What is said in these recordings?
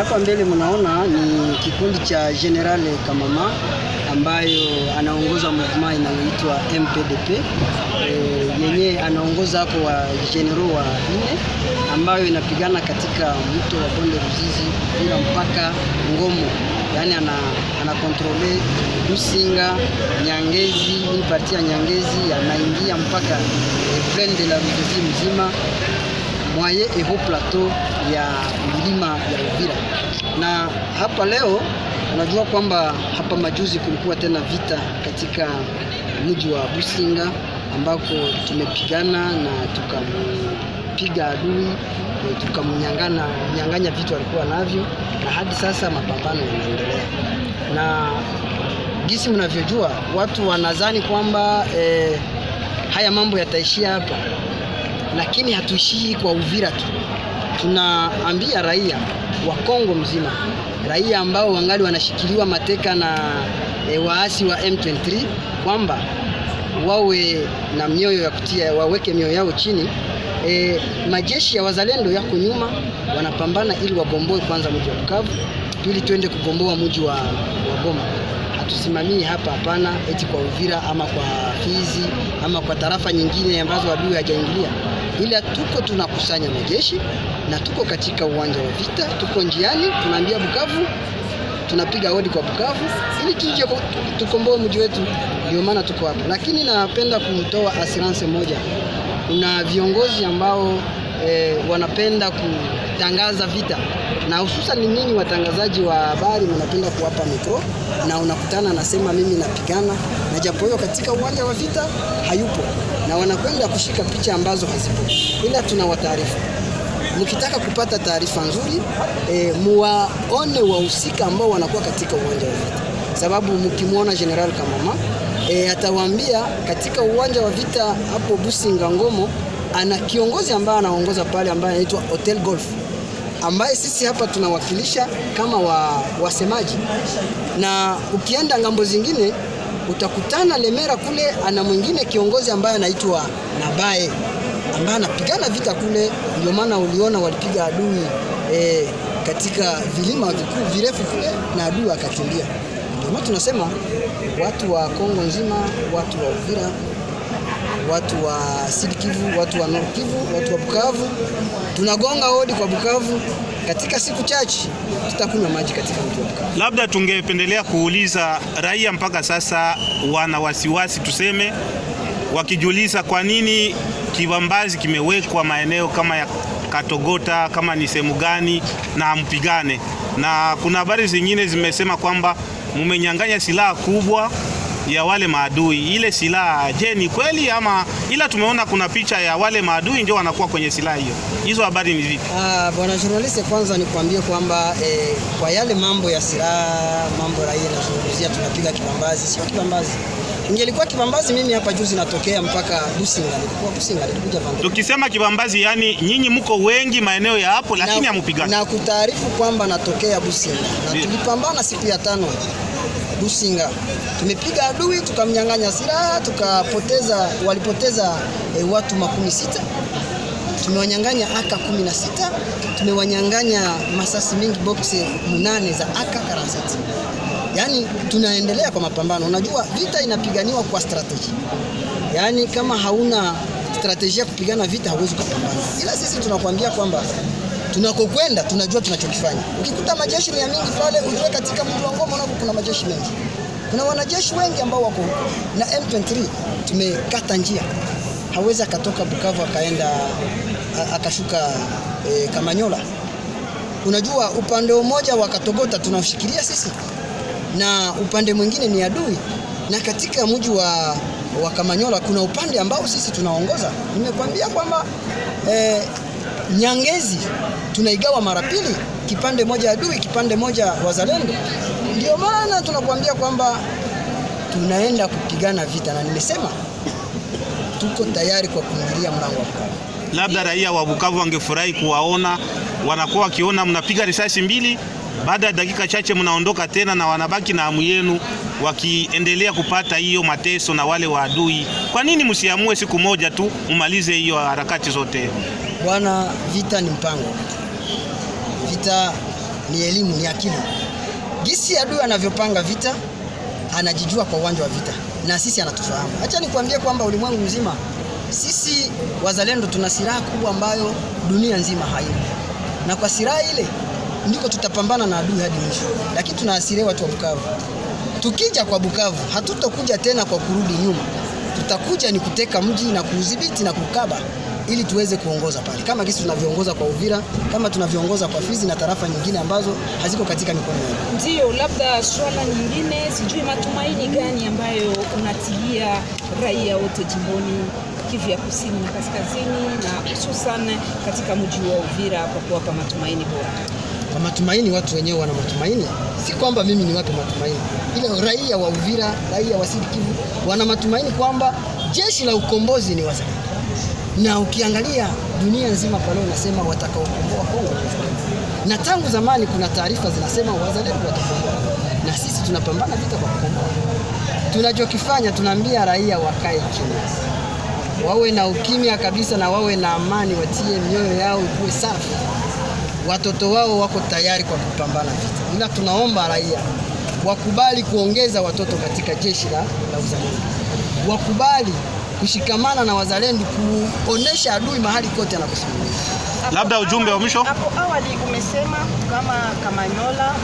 hapa mbele mnaona ni kikundi cha General Kamama ambayo anaongoza muvuma inayoitwa MPDP e, eh, anaongoza hapo wa general wa nne ambayo inapigana katika mto wa bonde Ruzizi bila mpaka Ngomo, yaani ana, ana kontrole Rusinga Nyangezi, hii parti ya Nyangezi anaingia mpaka eh, plaine de la Ruzizi mzima mwaye eho plateau ya milima hapa leo unajua kwamba hapa majuzi kulikuwa tena vita katika mji wa Businga ambako tumepigana na tukampiga adui eh, tukamnyangana nyanganya vitu alikuwa navyo, na hadi sasa mapambano yanaendelea. Na jinsi mnavyojua, watu wanadhani kwamba eh, haya mambo yataishia hapa, lakini hatuishii kwa Uvira tu tunaambia raia wa Kongo mzima, raia ambao wangali wanashikiliwa mateka na e, waasi wa M23 kwamba wawe na mioyo ya kutia, waweke mioyo yao chini. E, majeshi ya wazalendo yako nyuma, wanapambana ili wagomboe kwanza mji wa Bukavu, pili tuende kugomboa mji wa, wa Goma. Hatusimamii hapa hapana, eti kwa Uvira ama kwa Fizi ama kwa tarafa nyingine ambazo adui hajaingilia, ila tuko tunakusanya majeshi na tuko katika uwanja wa vita, tuko njiani, tunaambia Bukavu, tunapiga hodi kwa Bukavu ili tuje tukomboe mji wetu, ndio maana tuko hapa. Lakini napenda kutoa asiranse moja, kuna viongozi ambao e, wanapenda kutangaza vita na hususan ni nini, watangazaji wa habari mnapenda kuwapa mikro na unakutana nasema mimi napigana na japo hiyo katika uwanja wa vita hayupo, na wanakwenda kushika picha ambazo hazipo, ila tunawataarifu mkitaka kupata taarifa nzuri e, muwaone wahusika ambao wanakuwa katika uwanja wa vita, sababu mkimwona General Kamama e, atawaambia katika uwanja wa vita hapo Businga Ngomo ana kiongozi ambaye anaongoza pale ambaye anaitwa Hotel Golf ambaye sisi hapa tunawakilisha kama wa, wasemaji na ukienda ngambo zingine utakutana Lemera kule ana mwingine kiongozi ambaye anaitwa Nabaye ambaye anapigana vita kule. Ndio maana uliona walipiga adui e, katika vilima vikuu virefu kule na adui akakimbia. Ndio maana tunasema watu wa Kongo nzima, watu wa Uvira, watu wa Sud Kivu, watu wa Nord Kivu, watu wa Bukavu, tunagonga hodi kwa Bukavu katika siku chache tutakunywa maji katika mji wa Bukavu. Labda tungependelea kuuliza raia mpaka sasa wana wasiwasi tuseme wakijiuliza kwa nini kibambazi kimewekwa maeneo kama ya Katogota, kama ni sehemu gani, na mpigane. Na kuna habari zingine zimesema kwamba mumenyang'anya silaha kubwa ya wale maadui. Ile silaha je, ni kweli ama? Ila tumeona kuna picha ya wale maadui ndio wanakuwa kwenye silaha hiyo. Hizo habari ni vipi? Ah, bwana journalist, kwanza nikwambie kwamba eh, kwa yale mambo ya silaha, mambo raia inazungumzia, tunapiga kibambazi, sio kibambazi Ningelikuwa Kibambazi mimi hapa juzi natokea mpaka Businga. Nilikuwa Businga nilikuja Vanda. Tukisema Kibambazi yani nyinyi mko wengi maeneo ya hapo lakini hamupigani. Na kutaarifu kwamba natokea Businga. Na tulipambana siku ya tano Businga. Tumepiga adui, tukamnyang'anya silaha, tukapoteza walipoteza e, watu makumi sita. Tumewanyang'anya aka 16, tumewanyang'anya masasi mingi boxe munane za aka karasati yani tunaendelea kwa mapambano. Unajua vita inapiganiwa kwa strategy, yani kama hauna strategy ya kupigana vita hauwezi kupambana, ila sisi tunakuambia kwamba tunakokwenda tunajua tunachokifanya. Ukikuta majeshi mia mingi pale, ujue katika mji wa Ngoma unako kuna majeshi mengi, kuna wanajeshi wengi ambao wako na M23 tumekata njia, hawezi akatoka Bukavu akaenda akashuka e, Kamanyola. Unajua upande mmoja katogota tunashikilia sisi na upande mwingine ni adui. Na katika mji wa, wa Kamanyola kuna upande ambao sisi tunaongoza. Nimekwambia kwamba eh, Nyangezi tunaigawa mara pili, kipande moja adui, kipande moja wazalendo. Ndio maana tunakuambia kwamba tunaenda kupigana vita, na nimesema tuko tayari kwa kuingilia mlango wa Bukavu. Labda raia wa Bukavu wangefurahi kuwaona wanakuwa wakiona mnapiga risasi mbili baada ya dakika chache mnaondoka tena na wanabaki na amu yenu, wakiendelea kupata hiyo mateso na wale waadui. Kwa nini msiamue siku moja tu mumalize hiyo harakati zote? Bwana, vita ni mpango, vita ni elimu, ni akili. Gisi adui anavyopanga vita, anajijua kwa uwanja wa vita, na sisi anatufahamu. Acha nikwambie kwamba ulimwengu mzima sisi wazalendo tuna silaha kubwa ambayo dunia nzima haina, na kwa silaha ile ndiko tutapambana na adui hadi mwisho, lakini tunaasiria watu wa Bukavu. Tukija kwa Bukavu, hatutokuja tena kwa kurudi nyuma, tutakuja ni kuteka mji na kuudhibiti na kukaba ili tuweze kuongoza pale kama kisi tunavyoongoza kwa Uvira, kama tunavyoongoza kwa Fizi na tarafa nyingine ambazo haziko katika mikono yetu. Ndio, labda swala nyingine, sijui matumaini gani ambayo unatilia raia wote jimboni Kivu ya kusini na kaskazini na hususan katika mji wa Uvira kwa kuwapa matumaini bora? kwa matumaini, watu wenyewe wana matumaini, si kwamba mimi niwape matumaini, ila raia wa Uvira, raia wa Sud Kivu wana matumaini kwamba jeshi la ukombozi ni wazalendo, na ukiangalia dunia nzima paleo nasema watakaokomboa Kongo na tangu zamani kuna taarifa zinasema wazalendo watakomboa, na sisi tunapambana vita kwa kukomboa. Tunachokifanya, tunaambia raia wakae kimya, wawe na ukimya kabisa, na wawe na amani, watie mioyo yao ikuwe safi watoto wao wako tayari kwa kupambana vita, ila tunaomba raia wakubali kuongeza watoto katika jeshi la, la uzalendo, wakubali kushikamana na wazalendo kuonesha adui mahali kote anakusimamia. Labda ujumbe wa mwisho hapo awali umesema kama Kamanyola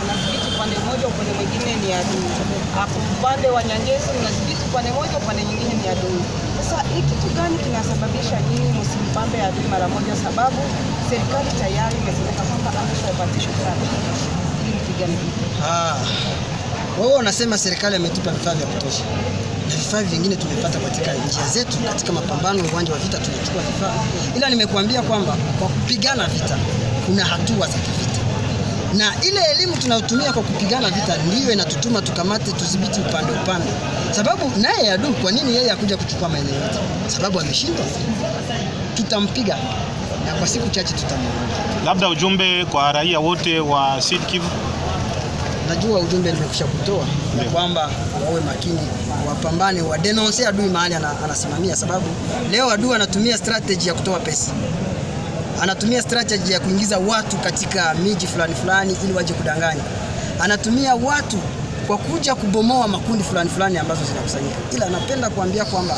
upande mmoja, upande mwingine ni adui. Hapo upande wa Nyangezi mnasaliti upande mmoja, upande nyingine ni adui. Sasa hii kitu gani kinasababisha nyinyi msimpambe adui mara moja? Sababu serikali tayari imesema kwamba ameshaupatishwa sana, ni kigani? ah wao wanasema serikali ametupa vifaa vya kutosha, na vifaa vingine tumepata katika njia zetu, katika mapambano, uwanja wa vita tumechukua vifaa, ila nimekuambia kwamba kwa kupigana vita kuna hatua za kivita na ile elimu tunayotumia kwa kupigana vita ndiyo inatutuma tukamate, tudhibiti upande upande, sababu naye adui, kwa nini yeye akuja kuchukua maeneo yote? Sababu ameshindwa, tutampiga na kwa siku chache tutamwona. Labda ujumbe kwa raia wote wa Sud Kivu, najua ujumbe nimekusha kutoa na kwamba wawe makini, wapambane, wadenonse adui mahali anasimamia, sababu leo adui anatumia strategy ya kutoa pesa anatumia strategy ya kuingiza watu katika miji fulani fulani ili waje kudanganya. Anatumia watu kwa kuja kubomoa makundi fulani fulani ambazo zinakusanyika, ila anapenda kuambia kwamba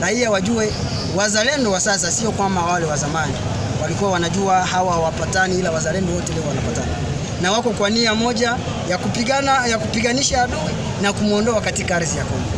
raia wajue, wazalendo wa sasa sio kama wale wa zamani walikuwa wanajua hawa hawapatani, ila wazalendo wote leo wanapatana na wako kwa nia moja ya kupigana, ya kupiganisha adui na kumwondoa katika ardhi ya Kongo.